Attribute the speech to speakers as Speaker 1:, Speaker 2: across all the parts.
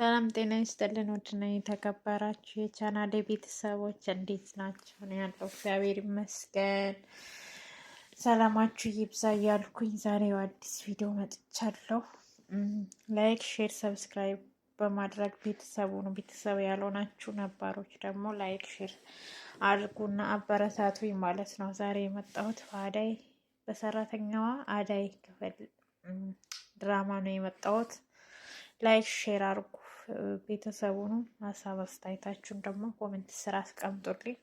Speaker 1: ሰላም ጤና ይስጥልን። ውድና የተከበራችሁ የቻናሌ ቤተሰቦች እንዴት ናቸው? ነው ያለው። እግዚአብሔር ይመስገን። ሰላማችሁ ይብዛ እያልኩኝ ዛሬ አዲስ ቪዲዮ መጥቻለሁ። ላይክ፣ ሼር፣ ሰብስክራይብ በማድረግ ቤተሰቡ ነው ቤተሰብ ያልሆናችሁ ነባሮች ደግሞ ላይክ፣ ሼር አድርጉና አበረታቱኝ ማለት ነው። ዛሬ የመጣሁት በአዳይ በሰራተኛዋ አዳይ ክፍል ድራማ ነው የመጣሁት። ላይክ ሼር አድርጉ። ቤተሰቡን ሀሳብ አስተያየታችሁን ደግሞ ኮሜንት ስራ አስቀምጡልኝ።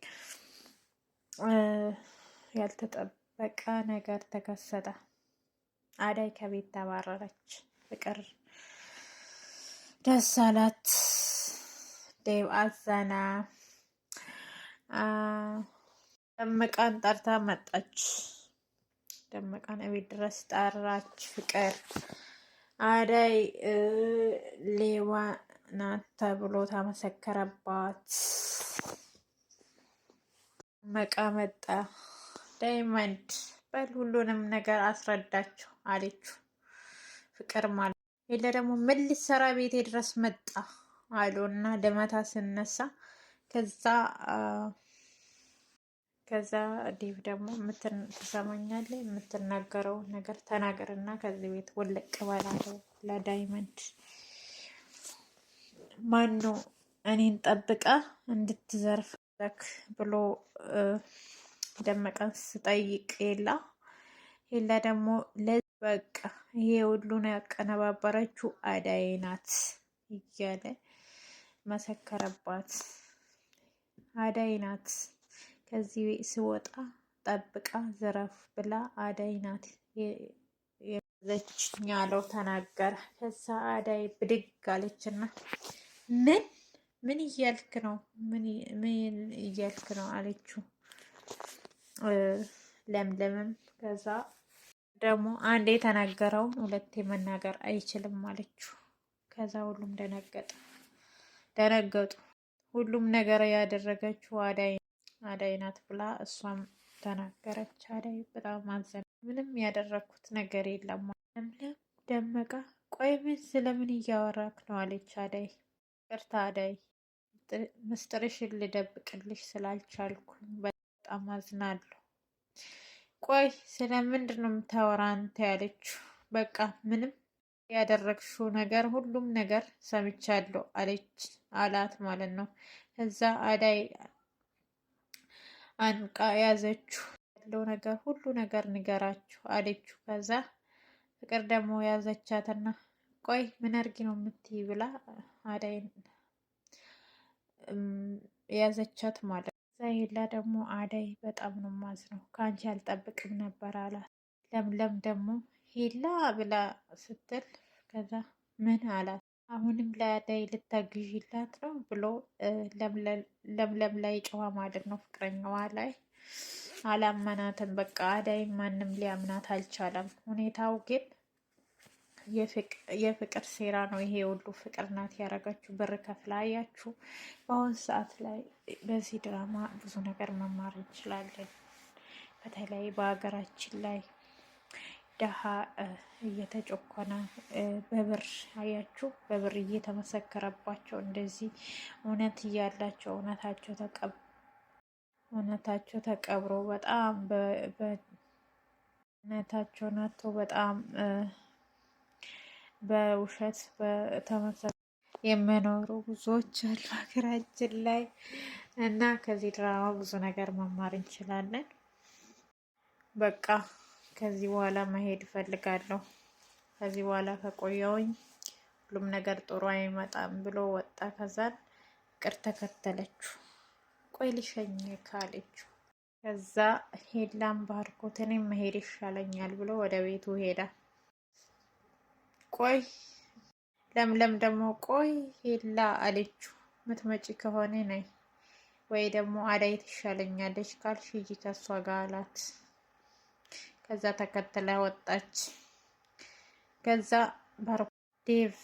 Speaker 1: ያልተጠበቀ ነገር ተከሰተ። አዳይ ከቤት ተባረረች። ፍቅር ደስ አላት። ዴብ አዘና ደምቃን ጠርታ መጣች። ደምቃን እቤት ድረስ ጠራች። ፍቅር አዳይ ሌዋ ናት ተብሎ ተመሰከረባት። መቃመጣ ዳይመንድ በል ሁሉንም ነገር አስረዳቸው አለችው። ፍቅር ማለት የለ ደግሞ ምን ሊሰራ ቤቴ ድረስ መጣ አሉ እና ደመታ ስነሳ ከዛ ከዛ ዲቭ ደግሞ ትሰማኛለህ፣ የምትናገረው ነገር ተናገርና ከዚህ ቤት ወለቅ በላለው ለዳይመንድ ማኑ እኔን ጠብቀ እንድትዘርፍ ለክ ብሎ ደመቀን ስጠይቅ የላ የላ ደግሞ ለዚ በቃ ይሄ ሁሉን ያቀነባበረችው አዳይ ናት እያለ መሰከረባት። አዳይ ናት ከዚህ ስወጣ ጠብቃ ዘረፍ ብላ አዳይ ናት የዘችኛለው ተናገረ። ከዛ አዳይ ብድግ አለችና ምን ምን እያልክ ነው? ምን እያልክ ነው አለችው ለምለምም። ከዛ ደግሞ አንዴ የተናገረውን ሁለቴ መናገር አይችልም አለችው። ከዛ ሁሉም ደነገጠ ደነገጡ። ሁሉም ነገር ያደረገችው አዳይ አዳይ ናት ብላ እሷም ተናገረች። አዳይ በጣም አዘነ። ምንም ያደረግኩት ነገር የለም ለምለም ደመቃ። ቆይ ምን ስለምን እያወራክ ነው አለች አዳይ ይቅርታ አደይ፣ ምስጢርሽን ልደብቅልሽ ስላልቻልኩኝ በጣም አዝናለሁ። ቆይ ስለ ምንድን ነው የምታወራው አንተ? ያለችው በቃ ምንም ያደረግሽው ነገር ሁሉም ነገር ሰምቻለሁ አለች አላት ማለት ነው። እዛ አዳይ አንቃ ያዘችው ያለው ነገር ሁሉ ነገር ንገራችሁ አለችው። ከዛ ፍቅር ደግሞ ያዘቻትና ቆይ ምን አድርጊ ነው የምትይ ብላ አዳይን የያዘቻት ማለት ዛሄላ ደግሞ አዳይ በጣም ነው ማዝ ነው ከአንቺ አልጠብቅም ነበር አላት። ለምለም ደግሞ ሄላ ብላ ስትል ከዛ ምን አላት። አሁንም ለአደይ ልታግዥላት ነው ብሎ ለምለም ላይ ጨዋ ማለት ነው ፍቅረኛዋ ላይ አላመናትም። በቃ አዳይ ማንም ሊያምናት አልቻለም። ሁኔታው ግን የፍቅር ሴራ ነው ይሄ ሁሉ ፍቅር ናት ያደረጋችሁ ብር ከፍላ አያችሁ። በአሁን ሰዓት ላይ በዚህ ድራማ ብዙ ነገር መማር እንችላለን። በተለይ በሀገራችን ላይ ደሃ እየተጨኮነ በብር አያችሁ፣ በብር እየተመሰከረባቸው እንደዚህ እውነት እያላቸው እውነታቸው ተቀብ እውነታቸው ተቀብሮ በጣም እውነታቸውን አጥቶ በጣም በውሸት ተመሰረ የምኖሩ ብዙዎች አሉ ሀገራችን ላይ እና ከዚህ ድራማ ብዙ ነገር መማር እንችላለን። በቃ ከዚህ በኋላ መሄድ እፈልጋለሁ። ከዚህ በኋላ ከቆየውኝ ሁሉም ነገር ጥሩ አይመጣም ብሎ ወጣ። ከዛን ቅር ተከተለችው። ቆይ ልሸኝ ካለችው ከዛ ሄላም ባርኮትንም መሄድ ይሻለኛል ብሎ ወደ ቤቱ ሄዳ ቆይ ለምለም ደግሞ ቆይ ሄላ አለችው። ምትመጪ ከሆነ ነይ ወይ ደግሞ አዳይ ትሻለኛለች ካልሽ ሂጂ ከሷ ጋር አላት። ከዛ ተከተለ ወጣች። ከዛ ዴቭ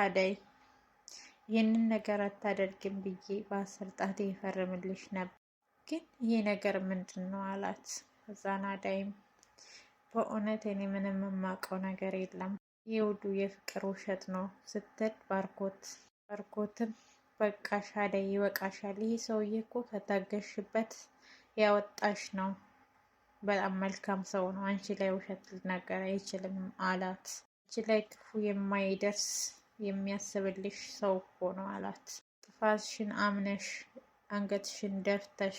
Speaker 1: አዳይ ይህንን ነገር አታደርግም ብዬ በአሰልጣት ጣቴ ይፈርምልሽ ነበር፣ ግን ይህ ነገር ምንድን ነው አላት። ከዛን አዳይም በእውነት እኔ ምንም የማውቀው ነገር የለም የውዱ የፍቅር ውሸት ነው ስትል ባርኮት ባርኮትም በቃሻ ላይ ይበቃሻል። ይህ ሰውዬ እኮ ከታገሽበት ያወጣሽ ነው። በጣም መልካም ሰው ነው። አንቺ ላይ ውሸት ሊናገር አይችልም አላት። አንቺ ላይ ክፉ የማይደርስ የሚያስብልሽ ሰው እኮ ነው አላት። ጥፋትሽን አምነሽ አንገትሽን ደፍተሽ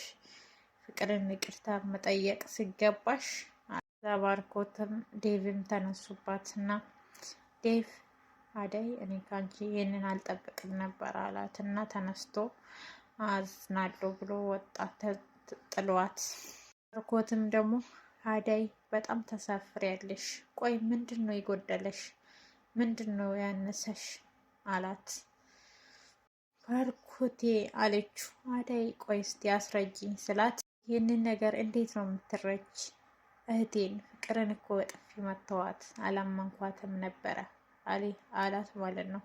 Speaker 1: ፍቅርን ይቅርታ መጠየቅ ሲገባሽ። ዛ ባርኮትም ዴቪም ተነሱባት እና ዴቭ አደይ እኔ ካንቺ ይህንን አልጠብቅም ነበር አላት እና ተነስቶ አዝናለሁ ብሎ ወጣት ጥሏት። ባርኮትም ደግሞ አደይ በጣም ተሳፍሪያለሽ፣ ቆይ ምንድን ነው የጎደለሽ? ምንድን ነው ያነሰሽ? አላት። ባርኮቴ አለችው አደይ ቆይ እስቲ አስረጂኝ ስላት ይህንን ነገር እንዴት ነው የምትረጅ እህቴን ፍቅርን እኮ በጥፊ መተዋት አላመንኳትም ነበረ አሊ አላት ማለት ነው።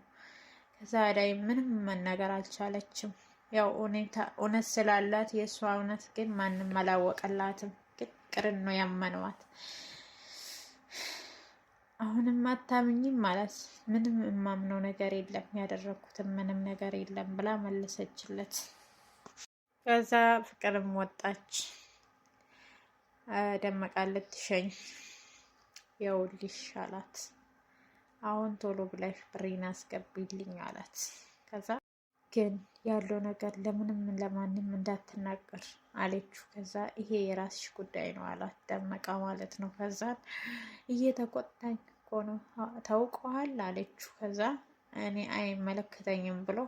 Speaker 1: ከዛ አዳይ ምንም መነገር አልቻለችም። ያው እውነት ስላላት የእሷ እውነት ግን ማንም አላወቀላትም። ግን ፍቅርን ነው ያመነዋት። አሁንም አታምኝም ማለት ምንም የማምነው ነገር የለም ያደረግኩትም ምንም ነገር የለም ብላ መለሰችለት። ከዛ ፍቅርም ወጣች። ደመቃለት ትሸኝ የውልሽ አላት። አሁን ቶሎ ብለሽ ብሬን አስገቢልኝ አላት። ከዛ ግን ያለው ነገር ለምንም ለማንም እንዳትናገር አለችው። ከዛ ይሄ የራስሽ ጉዳይ ነው አላት ደመቃ ማለት ነው። ከዛን እየተቆጣኝ እኮ ነው ታውቀዋል አለችው። ከዛ እኔ አይመለከተኝም ብሎ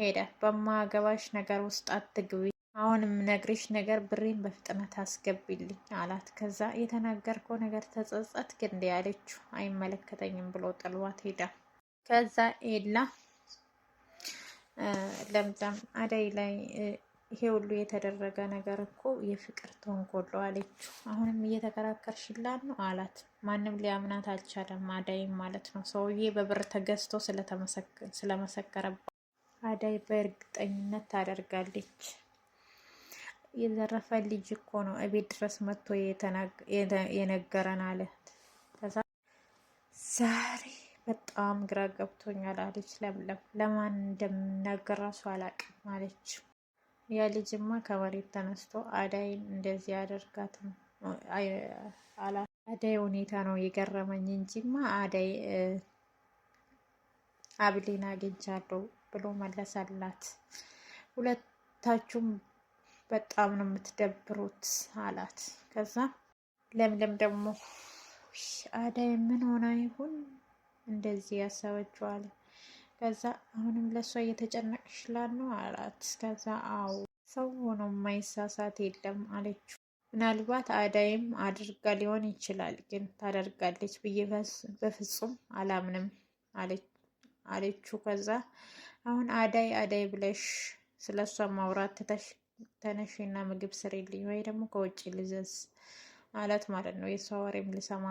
Speaker 1: ሄደ። በማገባሽ ነገር ውስጥ አትግቢ አሁን ነግሬሽ ነገር ብሬን በፍጥነት አስገቢልኝ አላት። ከዛ የተናገርከው ነገር ተጸጸት ግንድ ያለችው አይመለከተኝም ብሎ ጥሏት ሄዳ ከዛ ኤላ ለምለም አደይ ላይ ይሄ ሁሉ የተደረገ ነገር እኮ የፍቅር ተንኮሎ አለችው። አሁንም እየተከራከርሽላት ነው አላት። ማንም ሊያምናት አልቻለም። አዳይ ማለት ነው ሰውዬ በብር ተገዝቶ ስለመሰከረባት አዳይ በእርግጠኝነት ታደርጋለች። የዘረፈ ልጅ እኮ ነው እቤት ድረስ መጥቶ የነገረን አለ ዛሬ በጣም ግራ ገብቶኛል አለች ለምለም። ለማን እንደምናገር ራሱ አላቅም አለች። ያ ልጅማ ከመሬት ተነስቶ አዳይን እንደዚህ ያደርጋትም አዳይ ሁኔታ ነው የገረመኝ እንጂማ አዳይ አብሌን አግኝቻለሁ ብሎ መለሰላት። ሁለታችሁም በጣም ነው የምትደብሩት አላት። ከዛ ለምለም ደግሞ አዳይ ምን ሆና ይሁን እንደዚህ ያሰበችው ከዛ አሁንም ለእሷ እየተጨነቅሽ ነው አላት። ከዛ አዎ ሰው ሆኖ የማይሳሳት የለም አለችው። ምናልባት አዳይም አድርጋ ሊሆን ይችላል፣ ግን ታደርጋለች ብዬ በፍጹም አላምንም አለችው። ከዛ አሁን አዳይ አዳይ ብለሽ ስለሷ ማውራት ትተሽ ተነሽና ምግብ ስሪልኝ ወይ ደግሞ ከውጭ ልዘዝ አላት ማለት ነው። የእሷ ወሬም ልሰማ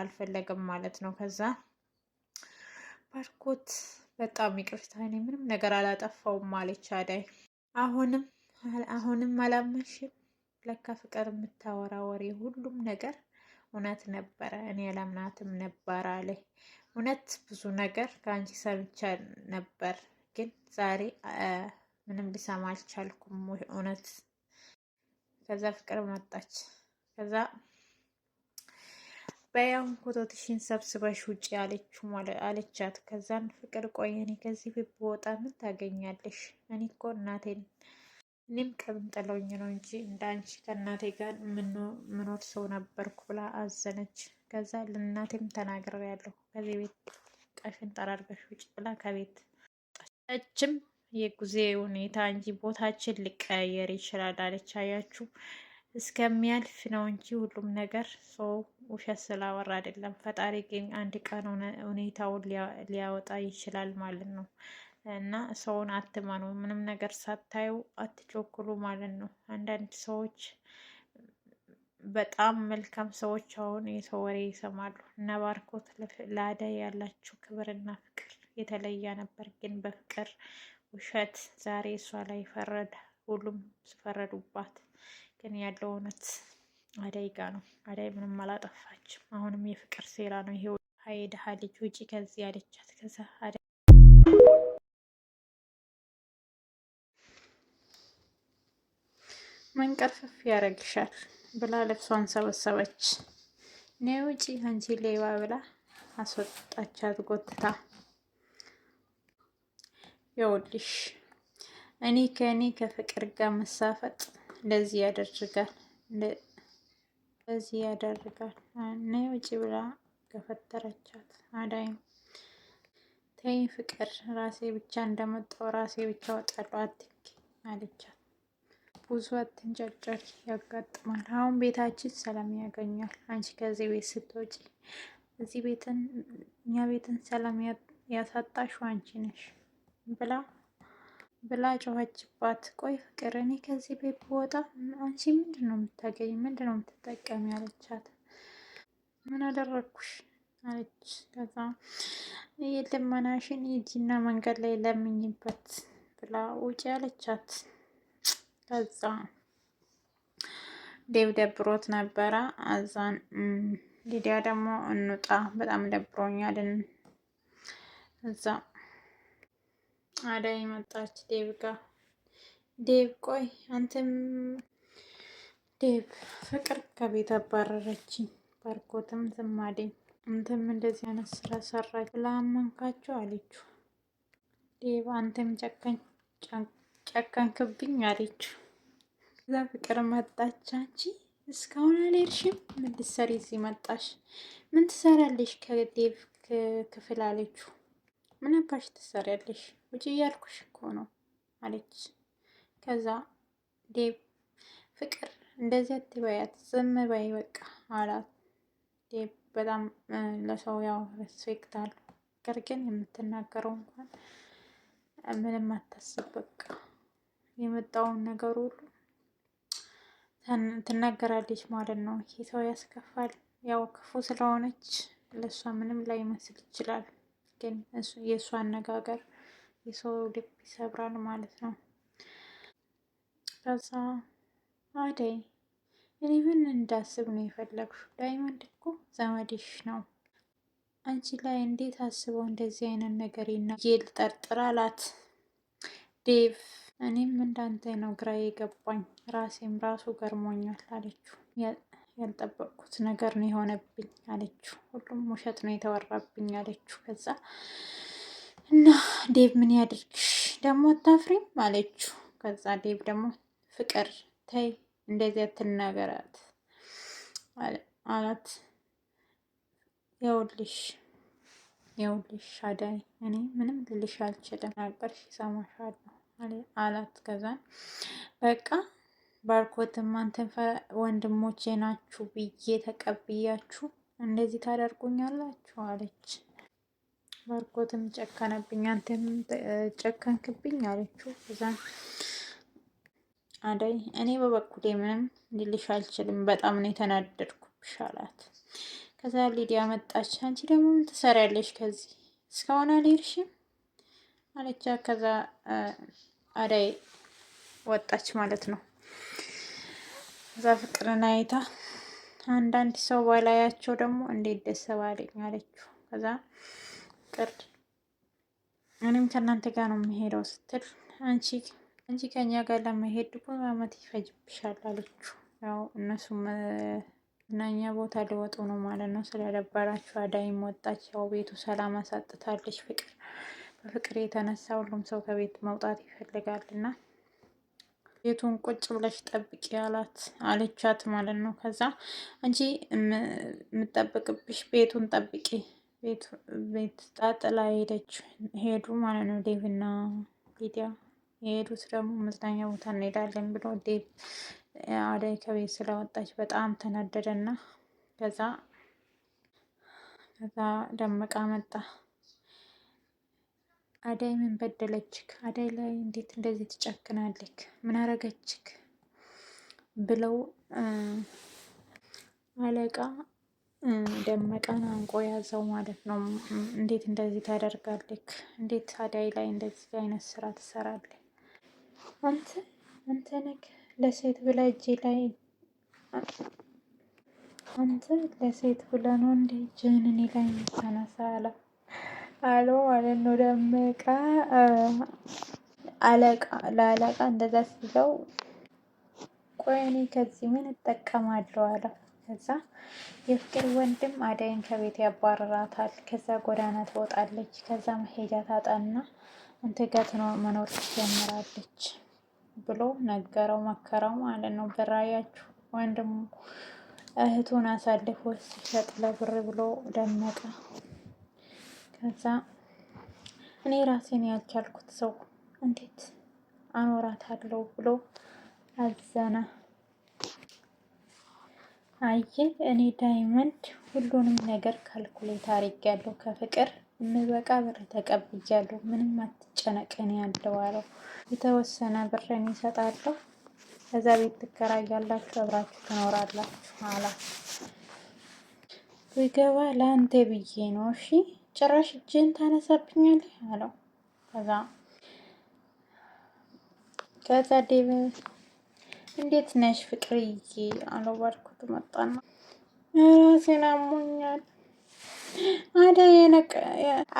Speaker 1: አልፈለገም ማለት ነው። ከዛ ባርኮት በጣም ይቅርታ፣ እኔ ምንም ነገር አላጠፋውም አለች አዳይ። አሁንም አሁንም አላመንሽም? ለካ ፍቅር የምታወራ ወሬ ሁሉም ነገር እውነት ነበረ፣ እኔ አላምናትም ነበር አለ። እውነት ብዙ ነገር ከአንቺ ሰምቻ ነበር ግን ዛሬ ምንም ልሰማ አልቻልኩም። እውነት ከዛ ፍቅር መጣች። ከዛ በያም ፎቶትሽን ሰብስበሽ ውጭ አለችው አለቻት። ከዛን ፍቅር ቆይ እኔ ከዚህ ቤት ብወጣ ምን ታገኛለሽ? እኔ እኮ እናቴን እኔም ቀብን ጥለውኝ ነው እንጂ እንደ አንቺ ከእናቴ ጋር ምኖር ሰው ነበርኩ ብላ አዘነች። ከዛ ለእናቴም ተናግሬያለሁ ከዚህ ቤት ቀሽን ጠራርገሽ ውጭ ብላ ከቤት ጠችም የጉዜ ሁኔታ እንጂ ቦታችን ሊቀያየር ይችላል አለች። አያችሁ እስከሚያልፍ ነው እንጂ ሁሉም ነገር ሰው ውሸት ስላወራ አይደለም። ፈጣሪ ግን አንድ ቀን ሁኔታውን ሊያወጣ ይችላል ማለት ነው። እና ሰውን አትመኑ፣ ምንም ነገር ሳታዩ አትቸኩሉ ማለት ነው። አንዳንድ ሰዎች በጣም መልካም ሰዎች አሁን የሰው ወሬ ይሰማሉ። እነ ባርኮት ለአደይ ያላቸው ክብርና ፍቅር የተለየ ነበር፣ ግን በፍቅር ውሸት ዛሬ እሷ ላይ ፈረደ። ሁሉም ስፈረዱባት ግን ያለው እውነት አዳይ ጋ ነው። አደይ ምንም አላጠፋችም። አሁንም የፍቅር ሴራ ነው ይሄ። ሀይ ድሀ ልጅ ውጪ ከዚህ አለቻት። ከዛ አደ መንቀርፍፍ ያደረግሻል ብላ ልብሷን ሰበሰበች። ኔ ውጪ አንቺ ሌባ ብላ አስወጣቻት ጎትታ ይኸውልሽ እኔ ከእኔ ከፍቅር ጋር መሳፈጥ እንደዚህ ያደርጋል ለዚህ ያደርጋል እና ውጭ ብላ ከፈተረቻት አዳይም ተይ ፍቅር ራሴ ብቻ እንደመጣው ራሴ ብቻ ወጣለሁ አትንኪ አለቻት። ብዙ አትንጨርጨር ያጋጥማል። አሁን ቤታችን ሰላም ያገኛል። አንቺ ከዚህ ቤት ስትወጪ እዚህ ቤትን እኛ ቤትን ሰላም ያሳጣሽ አንቺ ነሽ። ብላ ብላ ጮኸችባት። ቆይ ፍቅር እኔ ከዚህ ቤት ብወጣ አንቺ ምንድን ነው የምታገኝ? ምንድን ነው የምትጠቀሚ? አለቻት። ምን አደረግኩሽ? አለች። ከዛ የልመናሽን ሂጂና መንገድ ላይ ለምኝበት ብላ ውጪ አለቻት። ከዛ ዴብ ደብሮት ነበረ። አዛን ሊዲያ ደግሞ እንውጣ፣ በጣም ደብሮኛልን እዛ አዳይ መጣች ዴብ ጋ ዴብ ቆይ አንተም ዴብ ፍቅር ከቤት አባረረችኝ፣ ባርኮትም ዝማዴ አንተም እንደዚህ አይነት ስራ ሰራች ብላመንካቸው አለችው። ዴብ አንተም ጨከንክብኝ አለችው። እዛ ፍቅር መጣች። አንቺ እስካሁን አልሄድሽም? ምን ልትሰሪ እዚህ መጣሽ? ምን ትሰራለሽ ከዴብ ክፍል አለችው። ምን አባሽ ትሰሪያለሽ? ውጪ እያልኩሽ እኮ ነው አለች። ከዛ ዴብ ፍቅር እንደዚያ አትበያት፣ ዝም በይ በቃ አላት። ዴብ በጣም ለሰው ያው ሬስፔክት አለው። ፍቅር ግን የምትናገረው እንኳን ምንም አታስብ፣ በቃ የመጣውን ነገር ሁሉ ትናገራለች ማለት ነው። ይሄ ሰው ያስከፋል። ያው ክፉ ስለሆነች ለእሷ ምንም ላይ መስል ይችላል። ግን የእሱ አነጋገር የሰው ልብ ይሰብራል ማለት ነው። ከዛ አደይ እኔ ምን እንዳስብ ነው የፈለግሽው? ዳይመንድ እኮ ዘመድሽ ነው። አንቺ ላይ እንዴት አስበው እንደዚህ አይነት ነገር ይና ልጠርጥር አላት ዴቭ። እኔም እንዳንተ ነው ግራ የገባኝ ራሴም ራሱ ገርሞኛል አለችው። ያልጠበቅኩት ነገር ነው የሆነብኝ አለችው። ሁሉም ውሸት ነው የተወራብኝ አለችው። ከዛ እና ዴብ ምን ያድርግሽ ደግሞ አታፍሪም አለችው። ከዛ ዴብ ደግሞ ፍቅር ተይ እንደዚህ ትናገራት አላት። የውልሽ የውልሽ አዳይ እኔ ምንም ልልሽ አልችልም ነበር ሲሰማሻል አላት። ከዛን በቃ ባርኮትም አንተን ወንድሞቼ ናችሁ ብዬ ተቀብያችሁ እንደዚህ ታደርጉኛላችሁ አለች። ባርኮትም ጨከነብኝ፣ አንተም ጨከንክብኝ አለችው። እዛ አደይ እኔ በበኩሌ ምንም ልልሽ አልችልም፣ በጣም ነው የተናደድኩብሽ አላት። ከዛ ሊዲያ መጣች። አንቺ ደግሞ ምን ትሰሪያለሽ ከዚህ እስካሁን አልሄድሽም አለቻ። ከዛ አደይ ወጣች ማለት ነው። እዛ ፍቅርን አይታ አንዳንድ ሰው ባላያቸው ደግሞ እንዴት ደስ ባለኝ አለችው። ከዛ ፍቅር እኔም ከእናንተ ጋር ነው የምሄደው ስትል አንቺ አንቺ ከኛ ጋር ለመሄድ እኮ አመት ይፈጅብሻል አለችው። ያው እነሱ መዝናኛ ቦታ ሊወጡ ነው ማለት ነው። ስለደበራችሁ አዳይም ወጣች። ያው ቤቱ ሰላም አሳጥታለች። ፍቅር በፍቅር የተነሳ ሁሉም ሰው ከቤት መውጣት ይፈልጋል እና ቤቱን ቁጭ ብለሽ ጠብቂ አላት አለቻት ማለት ነው። ከዛ አንቺ የምጠብቅብሽ ቤቱን ጠብቂ ቤት ጣጥላ ሄደች ሄዱ ማለት ነው። ዴቭና ሊዲያ የሄዱት ደግሞ መዝናኛ ቦታ እንሄዳለን ብሎ ዴቭ አደይ ከቤት ስለወጣች በጣም ተናደደና ከዛ ከዛ ደመቃ መጣ አዳይ ምን በደለችክ? አዳይ ላይ እንዴት እንደዚህ ትጨክናለክ? ምን አረገችክ? ብለው አለቃ ደመቀን አንቆ ያዘው ማለት ነው። እንዴት እንደዚህ ታደርጋለክ? እንዴት አዳይ ላይ እንደዚህ አይነት ስራ ትሰራለህ? አንተ አንተ ነክ ለሴት ብለ እጄ ላይ አንተ ለሴት ብለ ነው እንዴ ጅህን እኔ ላይ የምታነሳ አላት። አሎ ማለት ነው። ደመቀ አለቃ ለአለቃ እንደዛ ሲለው ቆይ እኔ ከዚህ ምን እጠቀማለሁ አለ። ከዛ የፍቅር ወንድም አደይን ከቤት ያባረራታል። ከዛ ጎዳና ትወጣለች። ከዛ መሄጃ ታጣና እንትገት ነው መኖር ትጀምራለች ብሎ ነገረው፣ መከረው ማለት ነው። በራያችሁ ወንድሙ እህቱን አሳልፎ ሲሸጥ ለብር ብሎ ደመቀ ከዛ እኔ ራሴን ያልቻልኩት ሰው እንዴት አለው ብሎ አዘነ። አየ እኔ ዳይመንድ ሁሉንም ነገር ካልኩሌት ያለው ከፍቅር የምበቃ ብር ተቀብያለሁ፣ ምንም አትጨነቅን ያለው አለው። የተወሰነ ብርን ይሰጣለሁ፣ ከዛ ቤት ትከራያላችሁ፣ አብራችሁ ትኖራላችሁ አላት። ብገባ ለአንተ ብዬ ነው እሺ ጭራሽ እጅን ታነሳብኛለህ አለው። ከዛ ከዛ ዴቭ እንዴት ነሽ ፍቅርዬ አለው። ባርኮት መጣና ራሴን አሞኛል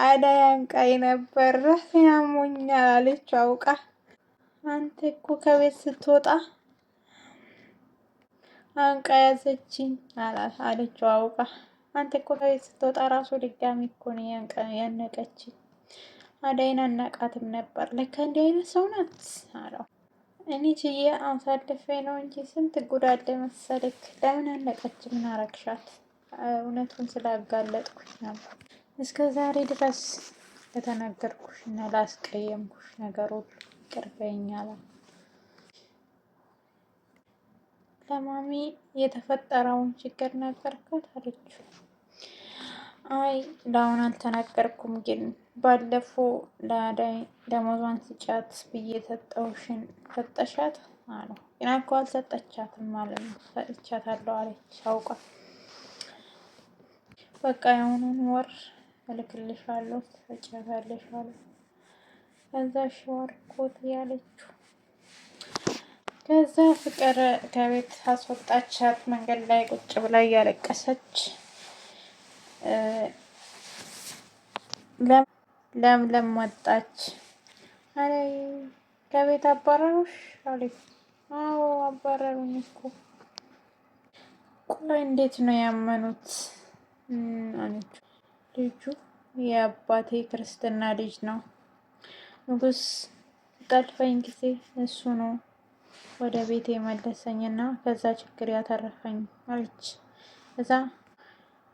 Speaker 1: አዳይ አንቃኝ ነበር ራሴን አሞኛል አለች አውቃ። አንተ እኮ ከቤት ስትወጣ አንቃ ያዘችኝ አለችው አውቃ። አንተ እኮ ከቤት ስትወጣ ራሱ ድጋሚ እኮ ነው ያነቀች። አዳይን አናቃትም ነበር። ለካ እንዲህ አይነት ሰው ናት አለው። እኔ ችዬ አሳልፌ ነው እንጂ ስንት ጉድ አለ መሰልክ። ለምን አነቀች? ምን አረግሻት? እውነቱን ስላጋለጥኩሽ ነበር። እስከ ዛሬ ድረስ ለተናገርኩሽ እና ላስቀየምኩሽ ነገር ሁሉ ይቅር በይኝ ለማሚ የተፈጠረውን ችግር ነገርኳት አለችው። አይ ለአሁን አልተናገርኩም፣ ግን ባለፈው ለአዳይ ደሞዟን ስጫት ብዬ ሰጠውሽን ሰጠሻት አለ። ግን እኮ አልሰጠቻትም ማለት ነው። ሰጥቻታለሁ አለች አውቋል። በቃ የሆኑን ወር እልክልሻለሁ ትሰጫታለሽ አለ። ከዛ ሽዋር ኮት ያለችው ከዛ ፍቅር ከቤት አስወጣቻት። መንገድ ላይ ቁጭ ብላ እያለቀሰች ለምለም ወጣች። አረ ከቤት አባረሩሽ አለች። አዎ አባረሩኝ እኮ። ቆይ እንዴት ነው ያመኑት አለች። ልጁ የአባቴ ክርስትና ልጅ ነው። ንጉስ ጠልፈኝ ጊዜ እሱ ነው ወደ ቤት የመለሰኝና ከዛ ችግር ያተረፈኝ አለች እዛ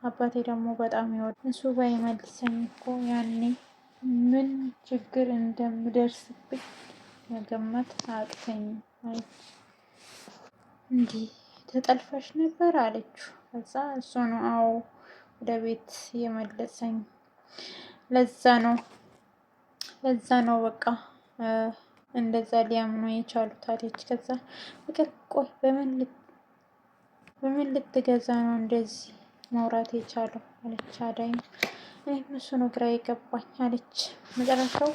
Speaker 1: አባቴ ደግሞ በጣም ይወድ እሱ ባይመልሰኝ እኮ ያኔ ምን ችግር እንደምደርስብኝ መገመት አቅተኝ። እንዲህ ተጠልፈሽ ነበር አለችው። ከዛ እሱ ነው አዎ ወደ ቤት የመለሰኝ። ለዛ ነው ለዛ ነው በቃ እንደዛ ሊያምኑ የቻሉት አለች። ከዛ ፍቅር ቆይ በምን ልትገዛ ነው እንደዚህ ማውራት የቻለው አለች አዳይም። ይህም እሱ ነው ግራ የገባኝ አለች። መጨረሻው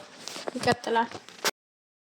Speaker 1: ይቀጥላል።